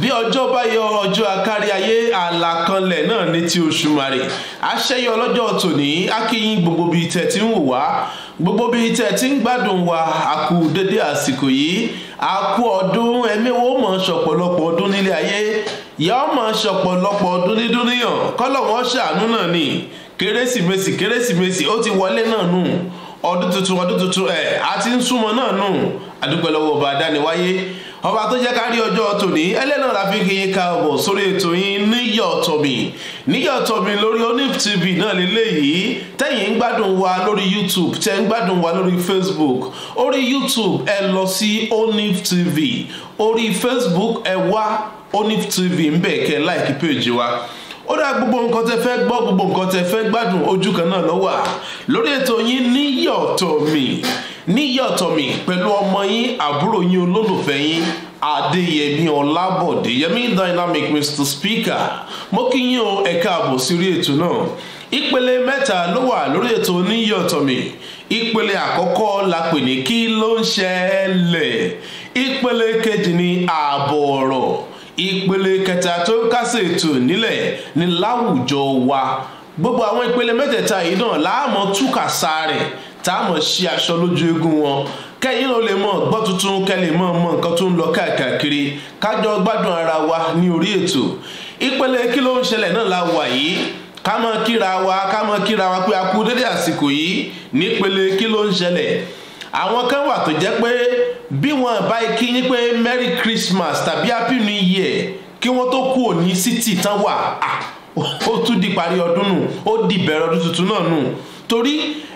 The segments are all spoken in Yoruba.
bí ọjọ́ bá yọ ọjọ́ akárí ayé àlàkanlẹ̀ náà ní ti oṣù mari àṣẹyọ ọlọ́jọ́ tòní akíyín gbogbo bíi tẹ̀ tí ń wò wá gbogbo bíi tẹ̀ tí ń gbádùn wa àkú dédé àsìkò yìí àkú ọdún ẹ̀mẹ́wò mọ̀ ṣọ̀pọ̀lọpọ̀ ọdún nílé ayé ìyá ọmọ ṣọ̀pọ̀lọpọ̀ ọdún dídúníyàn kọ́lọ́wọ́n ṣàánú náà ni kérésìmesì kérésìmesì ó ti wọlé náà nù ọdún tuntun ọdún tuntun ẹ̀ àti ń súnmọ́ náà nù àdúgbò lọ́wọ́ ọba adániwáyé ọba tó jẹ́ kárí ọjọ́ tòní ẹlẹ́nà láfi kí yín ká ọ̀bọ̀ sórí ètò yín níyọ̀ tọ̀mì níyọ̀ tọ̀mì lórí onif tv náà lélẹ́yìí tẹ́yìn ń gbádùn wa lórí youtube tẹ́ ń gbádùn wa lórí facebook orí youtube ẹ lọ sí onif tv orí facebook ẹ wá onif tv ń bẹ̀ kẹ́ láìkí péjì wa ó dá gbogbo nǹkan tẹ fẹ́ gbọ́ gbogbo nǹkan tẹ fẹ́ gbádùn ojú kan náà lọ́wọ́ lórí ètò yín níyọ̀ tọ̀mì níyàtọ̀ mi pẹ̀lú ọmọ yín àbúrò yín olólùfẹ́ yín adéyẹmí ọlábọ̀dé yẹmí dynamic mr speaker mo kí yín o ẹ̀ka àbò sírí ètò náà ìpele mẹ́ta ló wà lórí ètò níyàtọ̀ mi ìpele àkọ́kọ́ la pè ní kí ló ń ṣẹlẹ̀ ìpele kejì ní ààbọ̀ ọ̀rọ̀ ìpele kẹta tó ń kásẹ̀ ètò nílẹ̀ ní láwùjọ wa gbogbo àwọn ìpele mẹ́tẹ̀ẹ̀ta yìí náà láàmú túkà sáré táàmù ṣí aṣọ lójú eégún wọn kẹyìn ló lè mọ gbọ́ tuntun kẹlẹ̀ mọ́ mọ nǹkan tó ń lọ káàkiri kájọ gbádùn ara wa ní orí ètò ìpele kí ló ń ṣẹlẹ̀ náà la wà yìí ká mọ kíra wa ká mọ kíra wa pé a kú dédé àsìkò yìí nípele kí ló ń ṣẹlẹ̀ àwọn kan wà tó jẹ́ pé bí wọn bá kí yín pé merry christmas tàbí happy new year kí wọ́n tó kú òní city tán wà ó tún di parí ọdún nù ó di bẹ̀rẹ̀ ọdún tuntun náà nù torí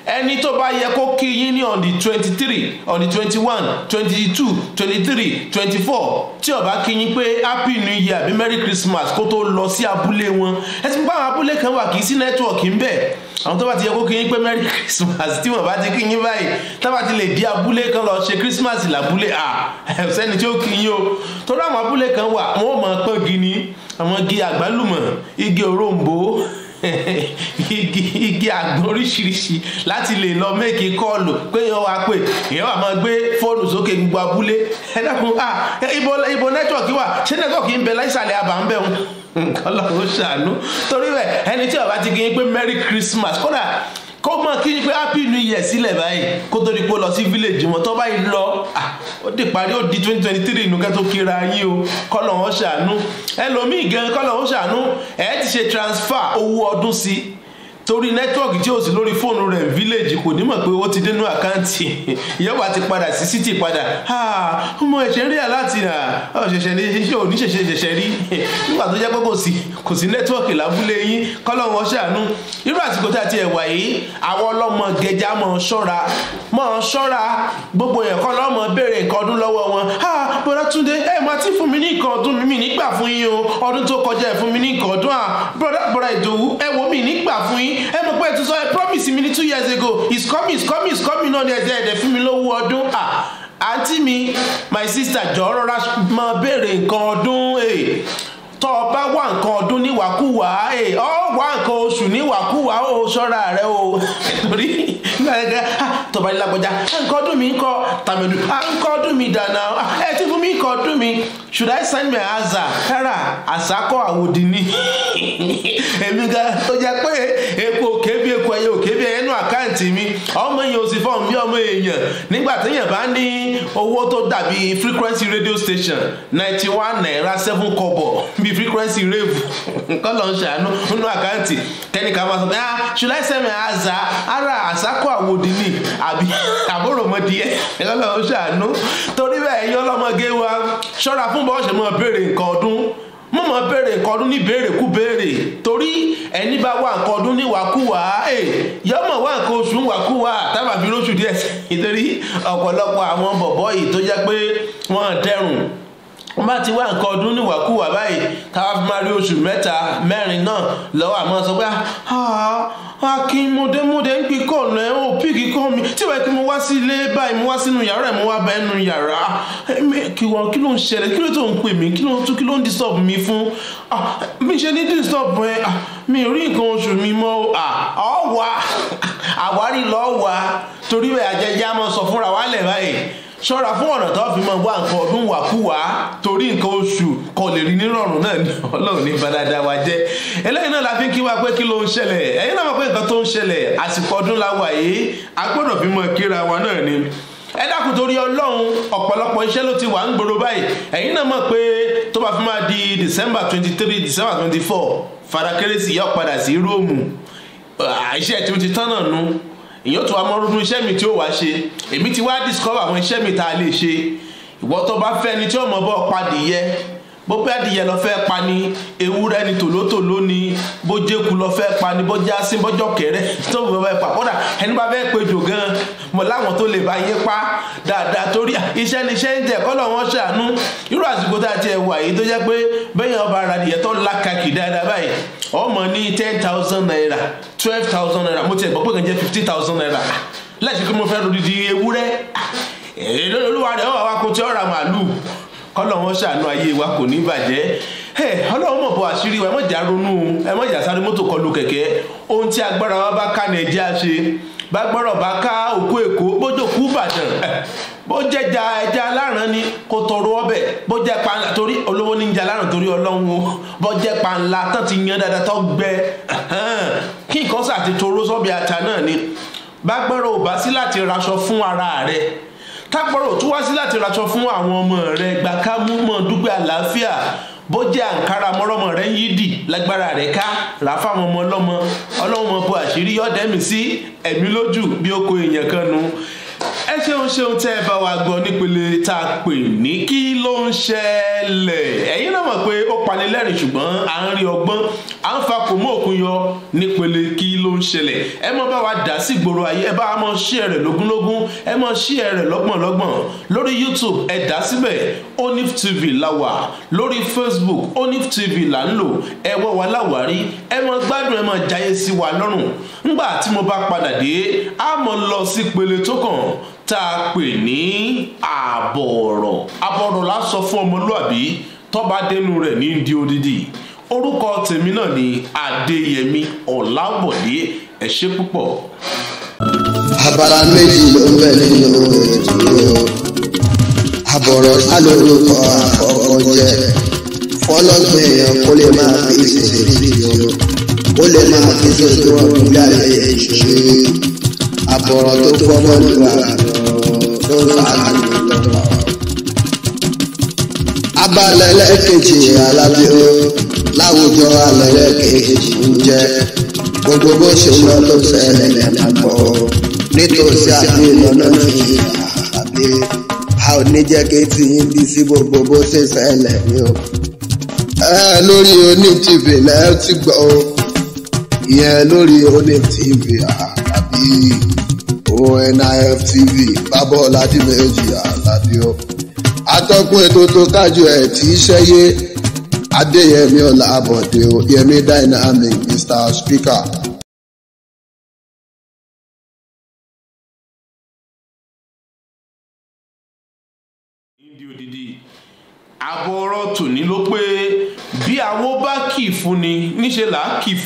ẹni tó bá yẹ kó kí yín ní on the twenty three on the twenty one twenty two twenty three twenty four tí ọba kí yín pé happy new year àbí merry christmas kó tó lọ sí abúlé wọn ẹ ti bá àwọn abúlé kan wà kì í sí nẹ́tíwọ̀kì ń bẹ̀ àwọn tó bá ti yẹ kó kí yín pé merry christmas tí wọn bá ti kí yín báyìí tábà ti lè di abúlé kan lọ ṣe christmas làbúlé à ẹ̀sẹ́ni tí ó kí yín o torí àwọn abúlé kan wà wọn ò mọ̀ pọ́n gini àwọn igi àgbálùmọ̀ igi òróǹbó igi igi àgbọn oríṣiríṣi láti lè lọ mẹ́kì kọ́ọ̀lù pé yẹn wá pè èèyàn wà máa gbé fóònù sókè gbogbo abúlé ẹ dákun ah ibo ibo nẹ́tíwọ̀kì wà ṣé nẹ́tíwọ̀kì ń bẹ láìsàlẹ̀ àbá ń bẹ̀ wọn nǹkan lọ́run ṣàánú torí rẹ̀ ẹni tí ọba ti kì í pé merry christmas kódà kó mọ kí ni pé happy new year sílẹ̀ báyìí kó tó di pé lọ sí village wọn tó báyìí lọ ah, ó di parí ó di twenty twenty three nùkẹ́ tó kíra yín o kọ́lọ̀ wọn ṣàánú ẹlòmíì gan kọ́lọ̀ wọn ṣàánú ẹ̀ ti ṣe transfer owó ọdún sí i torí nẹ́tíwọ̀kì tí o sì lórí fóònù rẹ̀ village kò ní mọ̀ pé ó ti dénú àkáǹtì ìyọ́wà ti padà sí city padà ọmọ ẹ̀ṣẹ̀ rí aláàtì rà ọ̀ṣẹ̀ṣẹ̀ ní iṣẹ́ oníṣẹ̀ṣẹ̀ ṣẹ̀ṣẹ̀ rí nígbà tó jẹ́ pé kò sí kò sí nẹ́tíwọ̀kì lábúlé yín kọ́lọ́hún ọṣẹ́ àánú irú àsìkò tá a ti ẹ̀wà yìí àwọn ọlọ́mọ gẹja mọ̀ ń ṣọ́ra mọ̀ ń ṣọ́ra gbogbo yẹn kọ́ lọ́mọ béèrè nǹkan ọdún lọ́wọ́ wọn bọ́dátúndé ẹ máa ti fún mi ní nǹkan ọdún mi nígbà fún yín o ọdún tó kọjá ẹ fún mi ní nǹkan ọdún à ah, bọ́dá bọ́dá ìdòwú ẹ wò mí nígbà fún yín ẹ mọ̀ pé ètò sọ ẹ promise mi ní two years ago it's coming it's coming it's coming náà ni ẹ̀sẹ̀ ẹ̀dẹ̀ fún mi lówó ọdún à ah, àǹtí mi my sister jọ rọra máa béèrè nǹkan ọdún eh, tọ́ ọ bá wà nǹkan ọdún níwàkúwà eh, ọ wà nǹkan oṣù níwàkúwà ó ṣọ́ra rẹ o torí nígbà gẹ́gẹ́ tọ́ba ìlàgbọ́jà nǹkan ọdún mi ń kọ́ tàmídù ah, nǹkan ọdún mi dànà ẹ ọdún mi should i send my answer? kára àsákọ àwòdì ni èmi gan tó jẹ pé epo òkè bí epo ẹyẹ òkè ẹyẹ nù àká tálẹ́ǹtì mi ọmọ yìí ò sì fọ́n bí ọmọ èèyàn nígbà téèyàn bá ní owó tó dàbí frequency radio station ninety one naira seven kobo. bí frequency rave nǹkan lọ́n ṣàánú nínú àkáǹtì kẹ́nìkan máa sọ pé ah ṣùlá ìsẹ̀mẹ̀ àzá ara àsákò àwòdì ni àbí àbúrò mọ́ díẹ̀ nǹkan lọ́n ṣàánú torí bẹ́ẹ̀ yọ́ lọ́mọge wa ṣọ́ra fún bọ́ọ̀ṣẹ̀ mọ́ béèrè nǹkan ọdún mọ̀ béèrè nǹkan ọdún ní béèrèkú béèrè torí ẹni bá wà nǹkan ọdún ní wàkúwà ẹ yọmọ wà nǹkan oṣù ń wàkúwà tábà bí lóṣù díẹ̀ nítorí ọ̀pọ̀lọpọ̀ àwọn bọ̀bọ̀ yìí tó jẹ́ pé wọ́n dẹrùn wọ́n bá ti wá nǹkan ọdún níwàkúwà báyìí táwa fi máa rí oṣù mẹ́ta mẹ́rin náà lọ́wọ́ àmọ́ sọ pé ah, akínmọdémọdé ń pín kọ́ lẹ́ ò píkì kọ́ mi tí ìwà ìpín mo wá sí ilé báyìí mo wá sínú yàrá ẹ̀ mo wá bá ẹnu yàrá kí wọn kí ló ń ṣẹlẹ̀ kí ló tó ń pè mí kí ló tún kí ló ń disturb mi fún mi ṣe ní disturb ẹ mi rí nǹkan oṣù mi mọ́ ọ wà àwárí lọ́ọ́ wà torí ẹ̀ àjẹjẹ́ á sọ fúnra wálẹ̀ báyìí ṣọ́ra fún ọ̀nà tó fi mọ wá nǹkan ọdún wàkúwà torí nǹkan oṣù kan lè rí nírọ̀rùn náà ni ọlọ́run ní gbadada wa jẹ́ eléyìí náà la fi kí wa pé kí ló ń ṣẹlẹ̀ ẹ̀yin náà mọ̀ pé nǹkan tó ń ṣẹlẹ̀ àsìkò ọdún la wà yìí a gbọ́dọ̀ fi mọ kíra wa náà ni ẹ dákun torí ọlọ́run ọ̀pọ̀lọpọ̀ iṣẹ́ ló ti wà ń gbòòrò báyìí ẹ̀yin náà mọ̀ pé tó bá fi máa di december twenty three december twenty four fàdákérésì yọ padà sí róòmù àìṣe tí ó ti tán náà nu èyàn tó wá mọ ronú iṣẹ́ mi tí ó wá ṣe èmi ti wá discover àwọn iṣẹ́ mi tá a lè ṣe ìwọ tó bá fẹ́ tí ó mọ bọ́ padì yẹ bó pẹ́ adìyẹ lọ fẹ́ pa ni ewúrẹ́ ni tòlótòló ni bójéku lọ fẹ́ pa ni bójá sí bójọ́ kẹrẹ́ tó bọ̀ bẹ́ẹ̀ pa kódà ẹni bá fẹ́ pejò gan mọ̀ láwọn tó lè bá yé pa dáadáa torí iṣẹ́ ni iṣẹ́ ń tẹ̀ kọ́lọ̀ wọn ṣàánú irú àsìkò tá a ti ẹ̀wà yìí tó jẹ́ pé bẹ́yìn ọba ara adìyẹ tó lákàkì dáadáa báyìí ọmọ ní ten thousand naira twelve thousand naira mo ti ẹ̀ gbọ́ pé kàn jẹ́ fifty thousand naira láti pé mo fẹ́ lòdì di ewúrẹ́ èlò olúwa rẹ̀ ọ̀ kọ́lọ́wọ́n ṣàánú ayé wa kò ní bàjẹ́ ẹ ọlọ́run mọ̀ bọ́ àṣírí wa ẹ mọ̀jà ronú ẹ mọ̀jà sáré mọ́tò kọlu kẹ̀kẹ́ ohun tí agbára wa bá ká nàìjíríà ṣe bá gbọ́rọ̀ bá ká òkú èkó bójú òkú ìbàdàn bó jẹjà ẹja aláràn ni kò tọrọ ọbẹ bó jẹ pa torí olówó ní jẹ aláràn torí ọlọ́run o pa ńlá tán ti yan dáadáa tó gbẹ kí nǹkan sàti toró sọ́bì ata náà ni bá gbọ́rọ̀ ò tápọ̀rọ̀ tún wá sí láti raṣọ fún àwọn ọmọ rẹ gbàkámú mọ́ dúpẹ́ àlàáfíà bọ́jẹ́ àǹkárá mọ́rọ́mọ́ rẹ̀ ń yídì lágbára rẹ̀ ká rà fáwọn ọmọ ọlọ́mọ ọlọ́mọ bo àṣírí ọ̀dẹ́mì sí ẹ̀mí lójú bí ó kó èèyàn kan nu ẹ ṣeun ṣeun tẹ́ ẹ bá wa gbọ́ nípele tá pè ní kí ló ń ṣẹlẹ̀ ẹ̀yin náà mọ̀ pé ó panilẹ́rìn ṣùgbọ́n à ń rí ọgbọ́n à ń fa kòmó òkun yọ nípele kí ló ń ṣẹlẹ̀ ẹ mọ bá wa dà sí gbòòrò ayé ẹ bá wa mọ ṣí ẹ rẹ lógúnlógún ẹ mọ ṣí ẹ rẹ lọ́gbọ̀nlọ́gbọ̀n lórí youtube ẹ dà síbẹ̀ onif tv la wà lórí facebook onif tv là ń lò ẹ wọ́ wa láwárí ẹ mọ gbádùn ẹ mọ jayé sí wa lọ́rùn ńgbà tí mo bá padà dé a mọ lọ sí pele tó kàn tá a pè ní àbọ̀ọ̀rọ̀ àbọ̀ọ̀rọ̀ la sọ fún ọmọlúàbí tọ́ba dénú rẹ̀ ní di odidi orúkọ tèmi náà ni adéyẹmí ọ̀làbọ̀dé ẹ ṣe púpọ̀. abala méjì ló ń bẹ nínú ètò àbọ̀rọ̀ alórúkọ àkọ́kọ́ jẹ́ fọlọ́gbìn èèyàn kó lè máa fi ìṣèṣe ìṣòro ó lè máa fi ṣètò ọdún láàyè ìṣòro àbọ̀rọ̀ tó gbọ́gbọ́ ju àbọ̀rọ̀ tó ń fa àlùkò. abala ẹlẹ́kejì alábíyó láwùjọ alẹ́rẹ́ kejì ń jẹ́ gbogbo bó ṣe ń lọ tó ṣẹlẹ̀ lẹ́nàpọ̀ nítòsí àbí lọ́nà ní àbí a ò ní jẹ́ kí ti yín bí sí gbogbo bó ṣe ṣẹlẹ̀ ni o. lórí onítìv lẹ́ ti gbọ́ o ìyẹn lórí onítìv àbí onif tv bábọ́ ọ̀làdìmẹ́jì àlàbí o atọ́kùn ètò tó kájú ẹ̀ tí í ṣẹ́yé. Adéyẹmí Ọlábọ̀dé o Dynamic Mr. Speaker. tòní ló pé bí bá kì í là á kì í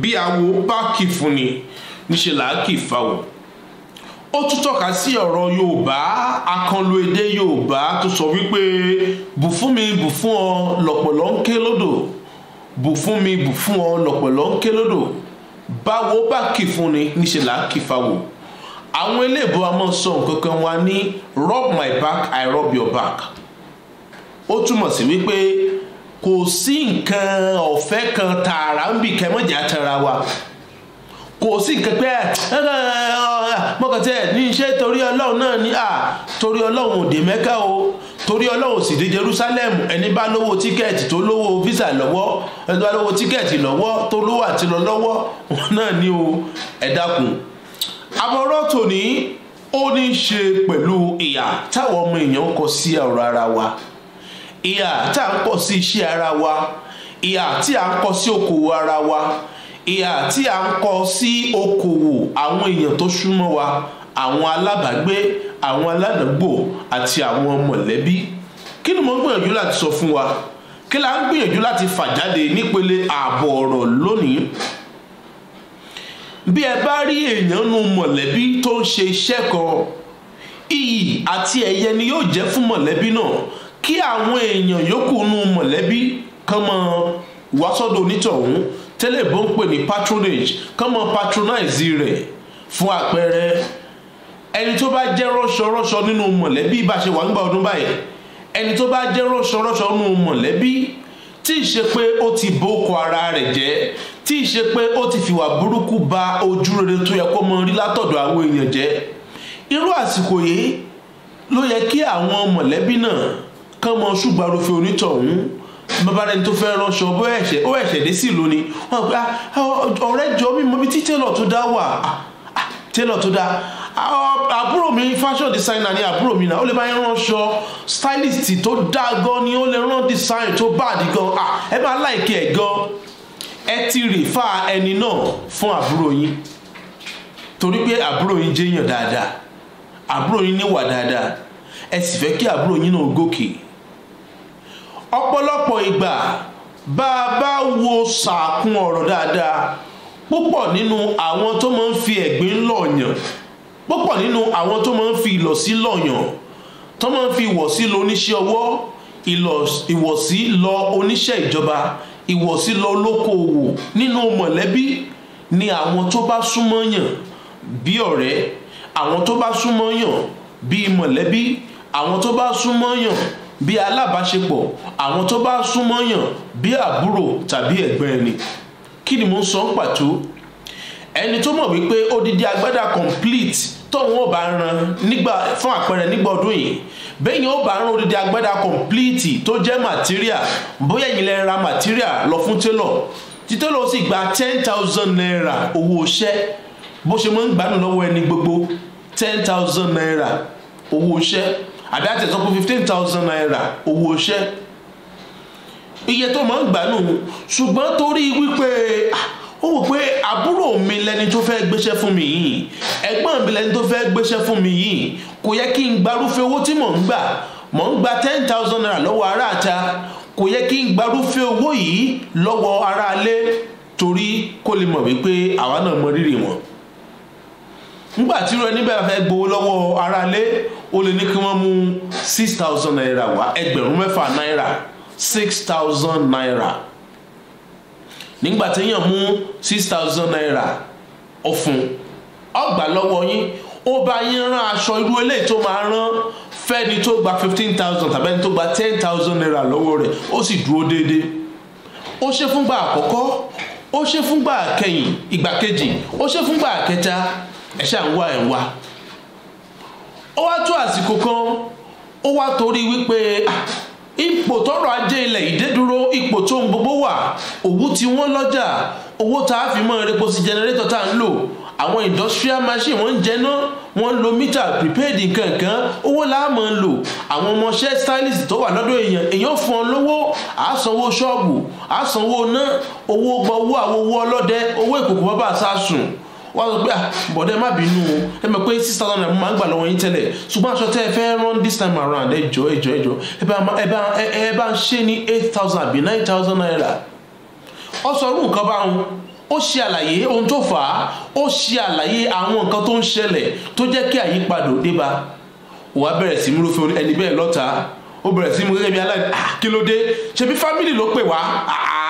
bí bá kì í là á kì í ó tún tọ́ka sí ọ̀rọ̀ yorùbá akanlu èdè yorùbá tó sọ wípé bù fún mi bù fún ọ lọ̀pọ̀lọ́ ń ké lódò bù fún mi bù fún ọ lọ̀pọ̀lọ́ ń ké lódò báwo bá kì fún ni níṣẹ́ là á kì fa wò àwọn eléèbó a máa sọ nǹkan kan wa ní rub my back i rub your back ó túmọ̀ sí wípé kò sí nǹkan ọ̀fẹ́ kan tààrà ń bì kẹ́mọ́jà tara wa kò sí nǹkan pé mọ́kàtí ẹ̀ ní iṣẹ́ torí ọlọ́run náà ní à torí ọlọ́run òde mẹ́kà o torí ọlọ́run sì dé jerusalem ẹni bá lówó tíkẹ́ẹ̀tì tó lówó visa lọ́wọ́ ẹni bá lówó tíkẹ́ẹ̀tì lọ́wọ́ tó lówó àti lọ lọ́wọ́ náà ní o ẹ̀dákun àbọ̀rọ̀ tòní ó ní í ṣe pẹ̀lú ìyà táwọn ọmọ èèyàn ń kọ sí ọ̀rọ̀ ara wa ìyà tá à ń kọ sí iṣẹ́ ara wa ìyà tí à ń kọ sí okòwò ara wa ìhà tí a ń kọ sí okòwò àwọn èèyàn tó súnmọ́ wa àwọn alábàágbé àwọn aládàgbò àti àwọn mọ̀lẹ́bí kí ni mo ń gbìyànjú láti sọ fún wa kí la ń gbìyànjú láti fà jáde nípele ààbò ọ̀rọ̀ lónìí bí ẹ bá rí èèyàn nu mọ̀lẹ́bí tó ń ṣe iṣẹ́ kan iyì àti ẹ̀yẹ ni yóò jẹ́ fún mọ̀lẹ́bí náà kí àwọn èèyàn yòókù nu mọ̀lẹ́bí kán mọ wàásọ́dọ̀ onítọ̀hún tẹ́lẹ̀ bó ń pè ní patronage kán mọ patronize rẹ̀ fún àpẹẹrẹ ẹni tó bá jẹ́ rọ́ṣọrọ́ṣọ nínú mọ̀lẹ́bí bá ṣe wà nígbà ọdún báyìí ẹni tó bá jẹ́ rọ́ṣọrọ́ṣọ nínú mọ̀lẹ́bí tí ì ṣe pé ó ti bókọ ara rẹ̀ jẹ́ tí ì ṣe pé ó ti fìwà burúkú ba ojú rere tó yẹ kó mọ rí látọ̀dọ̀ àwọn èèyàn jẹ́ irú àsìkò yìí ló yẹ kí àwọn mọ̀lẹ́bí náà kán mọ ṣùgbọ́n arúfin onítọ̀hún bàbá rẹ̀ tó fẹ́ ránṣọ bó ẹ̀ṣẹ̀ ó ẹ̀ṣẹ̀ dé sí lónìí wọn pe ah, ah, ọ̀rẹ́ jọ mi mọ bí tí tẹ́lọ̀ tó dá wà ah, tẹ́lọ̀ tó dá àbúrò mi fashion designer ni àbúrò mi na ó lè máa ń ránṣọ stylist tó dá gan ni ó lè rán design tó bad gan ẹ máa láìkí ẹ gan ẹ ti rè fa ẹni náà fún àbúrò yín torí pé àbúrò yín jẹ́yàn dáadáa àbúrò yín níwà dáadáa ẹ sì fẹ́ kí àbúrò yín náà gòkè ọ̀pọ̀lọpọ̀ ìgbà bá a bá wo sàkún ọ̀rọ̀ dáadáa púpọ̀ nínú àwọn tó máa ń fi ẹ̀gbín lọ̀yàn púpọ̀ nínú àwọn tó máa ń fi ìlọ̀sí lọ̀yàn tó máa ń fi ìwọ̀sí lọ oníṣẹ́ ọwọ́ ìwọ̀sí lọ oníṣẹ́ ìjọba ìwọ̀sí lọ olókoòwò nínú mọ̀lẹ́bí ni àwọn tó bá súnmọ́ yàn bí ọ̀rẹ́ àwọn tó bá súnmọ́ yàn bí mọ̀lẹ́bí àwọn tó bá súnmọ́ yàn bí alábàáṣepọ̀ àwọn tó bá súnmọ́ yàn bí àbúrò tàbí ẹ̀gbọ́n ẹni kí ni mo ń sọ ń pàtó ẹni tó mọ̀ wípé odidi agbádá complete tóun ò bá ran nígbà fún àpẹẹrẹ nígbà ọdún yìí bẹ́yìn ó bá ran odidi agbádá complete tó jẹ́ material bóyá ẹ̀yin lẹ́ ra material lọ fún télọ̀ títélọ̀ sì gba ten thousand naira owó iṣẹ́ bó ṣe máa ń gbádùn lọ́wọ́ ẹni gbogbo ten thousand naira owó iṣẹ́ àbí àtẹ̀sọ́ pé fifteen thousand naira owó iṣẹ́ iye tó máa ń gbà nù ṣùgbọ́n torí wípé ó wò pé àbúrò mi lẹni tó fẹ́ gbéṣẹ́ fún mi yìí ẹ̀gbọ́n mi lẹni tó fẹ́ gbéṣẹ́ fún mi yìí kò yẹ kí n gbarúfẹ́ owó tí mò ń gbà mò ń gba ten thousand naira lọ́wọ́ ta. kò yẹ kí n gbarúfẹ́ owó yìí lọ́wọ́ aráalé torí kó lè mọ̀ wípé àwa náà mọ rírì wọn nígbà tí irú ẹni bẹ́ẹ̀ fẹ́ gbowó lọ́wọ́ aráalé ó lè ní kí wọ́n mú six thousand naira wá ẹgbẹ̀rún mẹ́fà náírà six thousand naira nígbà tí èèyàn mú six thousand naira ó fún ọgbà lọ́wọ́ yín ó bá yín rán aṣọ irú eléyìí tó máa rán fẹ́ni tó gba fifteen thousand tàbí ẹni tó gba ten thousand naira lọ́wọ́ rẹ̀ ó sì dúró déédéé ó ṣe fúngbà àkọ́kọ́ ó ṣe fúngbà kẹyìn ìgbà kejì ó ṣe fúngbà kẹta ẹ ṣáà ń wá ẹ̀ ń wá ó wá tó àsìkò kan ó wá torí wípé ah, ipò tọrọ ajé ilẹ̀ ìdédúró ipò tó ń gbogbo wà òwú tí wọ́n lọ́jà owó tá a fi mọ́ erépo sí jẹnẹrétọ̀ tá a ń lò àwọn industrial machine wọ́n ń jẹná wọ́n ń lo mítà prepaid nkankan owó láàmú ń lò àwọn ọmọọṣẹ́ stylist tó wà lọ́dọ̀ èèyàn èèyàn fún ọ lówó àásanwó ṣọ́ọ̀bù àásanwó ná owó gbọ́ owó àwòwò ọlọ́dẹ owó ìkòkò bàbá sásùn wọ́n á sọ pé ah bọ̀dẹ́ má bínú o ẹ mọ̀ pé six thousand naira mo máa ń gbà lọ́wọ́ yín tẹ́lẹ̀ ṣùgbọ́n aṣọ tẹ́ ẹ fẹ́ rán this time around ẹ jọ ẹ jọ ẹ jọ ẹ bá ẹ bá ń ṣe ní eight thousand àbí nine thousand naira ọ sọ irú nǹkan báwọn ó ṣe àlàyé ohun tó fà á ó ṣe àlàyé àwọn nǹkan tó ń ṣẹlẹ̀ tó jẹ́ kí àyípadà òde bá wàá bẹ̀rẹ̀ sí múlò fún ẹni bẹ́ẹ̀ lọ́ta ó bẹ̀rẹ̀ sí mú gẹ́gẹ́ bí aláìní ah, kí ló dé ṣebí fámìlì ló pè wá ah,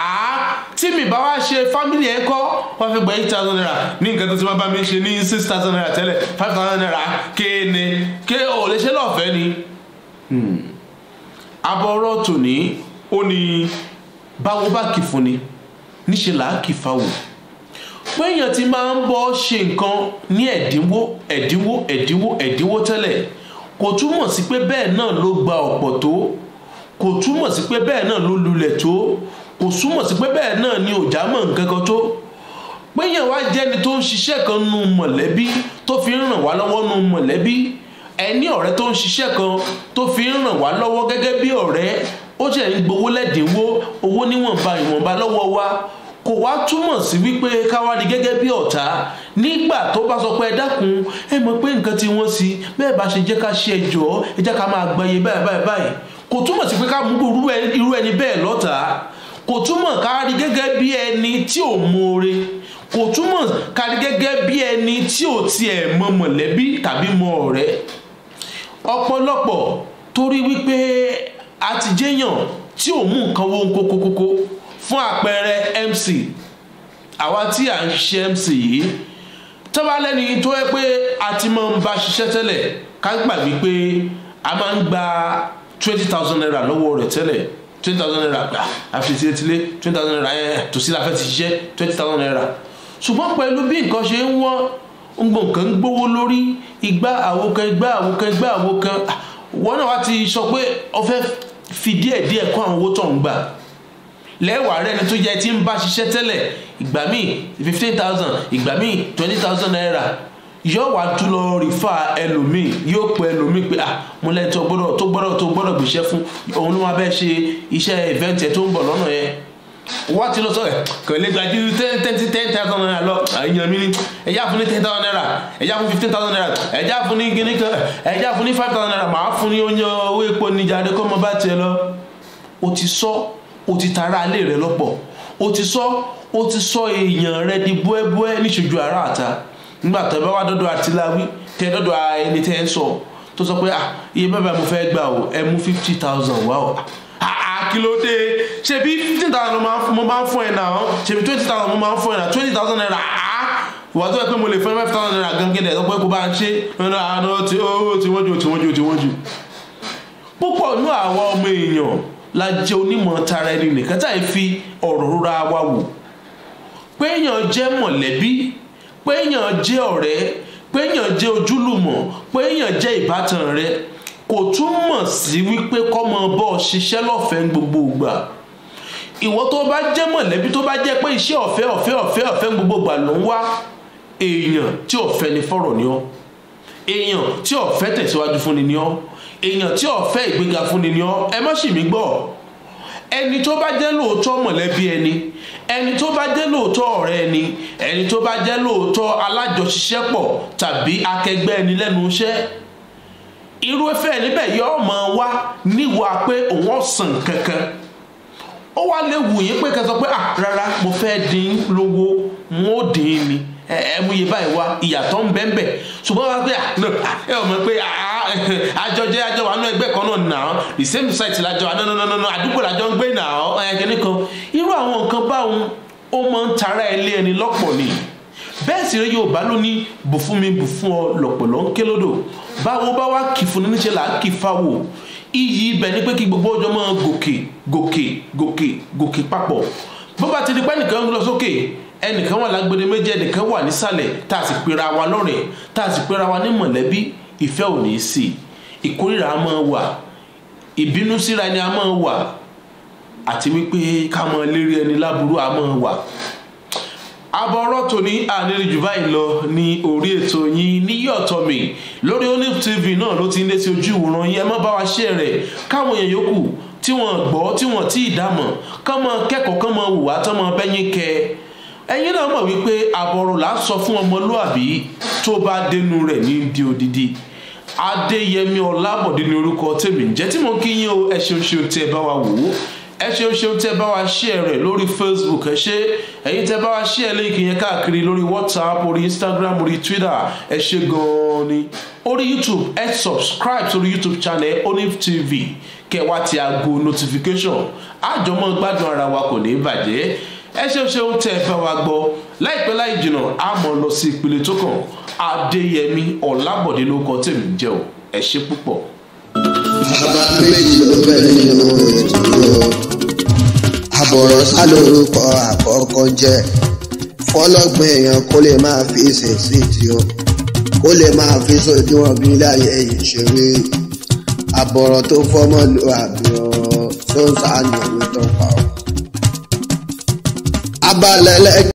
tí mi bá wá ṣe family ẹ kọ́ wọ́n fi gba eight thousand naira ní nǹkan tó ti wọ́n bá mi ṣe ní six thousand naira tẹ́lẹ̀ five thousand naira kéèní ké ò lè ṣe lọ́fẹ̀ẹ́ ni. Hmm. abọ́rọ́ tòní ó ní báwo bá kì fún ni níṣẹ́ là á kì fáwọ̀ pé èèyàn ti máa ń bọ́ ṣe nǹkan ní ẹ̀dínwó ẹ̀dínwó ẹ̀dínwó ẹ̀dínwó tẹ́lẹ̀ kò túmọ̀ sí pé bẹ́ẹ̀ náà ló gba ọ̀pọ̀ tó kò túmọ̀ sí pé bẹ́ẹ̀ náà ló lulẹ̀ tó kò súnmọ̀ sí pé bẹ́ẹ̀ náà ni òjá mọ̀ nǹkan kan tó péyàn wá jẹ́ni tó ń ṣiṣẹ́ kan nu mọ̀lẹ́bí tó fi ń ràn wá lọ́wọ́ nu mọ̀lẹ́bí ẹni ọ̀rẹ́ tó ń ṣiṣẹ́ kan tó fi ń ràn wá lọ́wọ́ gẹ́gẹ́ bí ọ̀rẹ́ ó jẹ́ ń gbowó lẹ́dínwó owó níwọ̀nba ìwọ̀nba lọ́wọ́ wa kò wá túmọ̀ sí wípé káwárí gẹ́gẹ́ bí ọ̀tá nígbà tó bá sọ pé ẹ dákun ẹ mọ̀ pé nǹkan tí wọ́n sí bẹ́ẹ̀ bá ṣe jẹ́ ká ṣe ẹjọ́ ẹ jẹ́ ká máa gbọ́yé báyìí báyìí báyìí kò túmọ̀ sí pé ká mú irú ẹni bẹ́ẹ̀ lọ́tàá kò túmọ̀ kárí gẹ́gẹ́ bí ẹni tí ò mọ̀ọ́re kò túmọ̀ kárí gẹ́gẹ́ bí ẹni tí ò tiẹ̀ mọ mọ̀lẹ́bí tàbí mọ ọ̀rẹ́ ọ̀pọ̀lọpọ̀ torí wípé a ti jẹ́yàn tí ò mú nǹkan wo kókókókó fún àpẹẹrẹ mc àwa tí à ń ṣe mc yìí tọ́ba lẹ́ni tó yẹ pé a ti máa ń ba ṣiṣẹ́ tẹ́lẹ̀ ká gbà wípé a máa ń gba twenty thousand naira lọ́wọ́ rẹ̀ tẹ́lẹ̀ twenty thousand naira gbà àfìtìlétìlé twenty thousand naira To eh, tòsí la fẹ́ ti ṣiṣẹ́ twenty thousand naira ṣùgbọ́n pẹ̀lú bí nǹkan ṣe ń wọ́n ń gbọ̀n kan gbówó lórí igba àwo kan igba àwo kan igba àwo kan wọn náà wá ti sọ pé ọfẹ́ fi díẹ̀ díẹ̀ kó àwọn owó tó ń gbà lẹ́wàá rẹ̀ ni tó jẹ́ ti ń bá ṣiṣẹ́ tẹ́lẹ̀ ìgbà míì fifteen thousand ìgbà míì twenty thousand naira yóò wá tún lọ rìfà ẹlòmíì yóò pẹ ẹlòmíì pé ah mo lẹ́yìn tó gbọ́dọ̀ tó gbọ́dọ̀ tó gbọ́dọ̀ gbèsè fún òun ló máa bẹ́ẹ̀ ṣe iṣẹ́ ìfẹ́ǹtì tó ń bọ̀ lọ́nà yẹn wọ́n ti lọ sọ̀rọ̀ eh, kò gbajú ten ten ten thousand naira lọ àyàn ah, mi ni ẹ̀yà fún ní ten thousand naira ẹ̀yà fún fifteen thousand naira ẹ̀yà fún ní gíní kan ẹ̀yà fún ní five thousand naira màá fún ní oúnjẹ owó epo níjà ni kó mo bá tiẹ̀ lọ. o ti sọ o ti tara alé rẹ lọ́pọ̀ o ti sọ o ti sọ èèyàn rẹ di búẹ́búẹ́ níṣojú ara àta nígbà tó bá wà dọ́dọ̀ àtìláwí tẹ dọ́dọ̀ ẹni tẹ́ ń sọ tó sọ pé ah iye bàbá mo fẹ́ gbà o ẹ mú fifty thousand wá o kí ló dé ṣebí fifteen thousand mo máa ń fún ẹ náà ṣebí twenty thousand mo máa ń fún ẹ náà twenty thousand naira ah wà tó yẹ pé mo lè fún five thousand naira gan gẹ́gẹ́ ẹ̀dọ́gbọ́n kó bá ń ṣe ẹ̀rọ àná tí ó ti wọ́n ju tí wọ́n ju tí wọ́n ju. púpọ̀ nú àwọn ọmọ èèyàn la jẹ́ onímọ̀ tara ẹni nìkan táyì fi ọ̀rọ̀ rúra wa wò pé èèyàn jẹ́ mọ̀lẹ́bí péyàn jẹ́ ọ̀rẹ́ péyàn jẹ́ ojúlùmọ̀ péyàn jẹ́ ìbátan rẹ kò túmọ̀ sí wípé kọ́mọ bọ́ ṣiṣẹ́ lọ́fẹ̀ẹ́ gbogbo ìgbà ìwọ tó bá jẹ́ mọ̀lẹ́bí tó bá jẹ́ pé iṣẹ́ ọ̀fẹ́ ọ̀fẹ́ ọ̀fẹ́ ọ̀fẹ́ gbogbo ìgbà ló ń wá èèyàn tí ọ̀fẹ́ ni fọ̀rọ̀ ni ọ́ èèyàn tí ọ̀fẹ́ tẹ̀síwájú fúnni ni ọ́ èèyàn tí ọ̀fẹ́ ìgbéga fúnni ni ọ́ ẹ má ṣì mí gbọ́ ẹni tó bá jẹ́ lóòótọ́ mọ̀lẹ́bí ẹni ẹni tó bá jẹ́ lóòótọ́ ọ̀rẹ́ ẹni ẹni tó bá jẹ́ lóòótọ́ alájọṣiṣẹ́pọ̀ tàbí akẹgbẹ́ ẹni lẹ́nu iṣẹ́ irúfẹ́ ẹni bẹ́ẹ̀ yọ ọmọ wa níwà pé òun ọ̀sán kankan ó wá lè yín pé kẹsàn pé ah rárá mo fẹ́ dín lówó wọn ò dín ni ẹmu yìí báyìí wá ìyàtọ̀ ń bẹ́ẹ̀ ṣùgbọ́n wá pé ah, ah, ẹ ọmọ pé àjọjẹ àjọwà nù ẹgbẹ́ kan náà nà ọ́ the same site lájọ ànánánánánán ah, àdúgbò làjọ ń gbé nà ọ́ ẹ̀kẹ́ni kan irú àwọn nǹkan báwọn ó máa ń tara ilé ẹni lọ́pọ̀ ni bẹ́ẹ̀ sì rẹ yorùbá ló ní bù fún mi bù fún ọ lọ̀pọ̀ lọ́ ń ké lódò báwo bá wá kì fún níṣẹ́ là á kì fáwò iyì ibẹ̀ ni pé kí gbogbo ọjọ́ máa gòkè gòkè gòkè gòkè papọ̀ bó bá ti di pẹ́ nìkan lọ sókè ẹnìkan wà lágbede méjì ẹnìkan wà nísàlẹ̀ tá a sì pera wa lọ́rẹ̀ẹ́ tá a sì pera wa ní mọ̀lẹ́bí ìfẹ́ ò ní í sí ìkórìíra a máa wà ìbínú síra ni a máa wà àti wípé ká máa lérí ẹni láburú a máa wà abọ́rọ́ tòní àníri jù báyìí lọ ní orí ètò yín níyọ̀tọ̀ mi lórí olive tv náà ló ti ń lé sí ojú ìwòran yẹn má bá wa ṣe rẹ̀ káwọn èèyàn yòókù tí wọ́n gbọ́ tí wọ́n tí ì dámọ̀ kán máa kẹ́kọ̀ọ́ kán máa wùwá bẹ́yìn kẹ́ ẹ̀yin náà mọ̀ wípé àbọ̀rọ̀ là ń sọ fún ọmọlúàbí tó bá dénú rẹ̀ ní di odidi adéyẹmí ọlábọ̀dé ní orúkọ tèmi ǹjẹ́ tí mo kí yín o ẹ ṣeun ṣeun tí ẹ bá wa wò ó ẹ ṣeun ṣeun tí ẹ bá wa ṣí ẹ rẹ lórí facebook ẹ ṣe ẹyin tẹ bá wa ṣí ẹ líǹkì yẹn káàkiri lórí whatsapp orí instagram orí twitter ẹ ṣe gan-an ni orí youtube ẹ subscribe sórí youtube channel olive tv kẹwàá ti aago notification àjọmọ́ gbádùn ara wa kò ní í bàjẹ́ ẹ ṣeun ṣeun tẹ ẹ fẹ́ wa gbọ́ láìpẹ́ láì jìnnà a mọ̀ lọ sí ìpele tó kàn adéyẹmí ọ̀làbọ̀dé ló kọ tèmi jẹ́ o ẹ ṣe púpọ̀. bàbá méjì ló àkọ́kọ́ jẹ́ fọlọ́gbọ̀n èèyàn kó lè máa fi ṣèṣì tí o kó lè máa fi sòdiwọ̀n bí láyé ìṣeré àbọ̀rọ̀ tó fọ́mọ́ lu àbúrò tó ń sàánú ìwé tó pa ọ́. abalẹ̀lẹ̀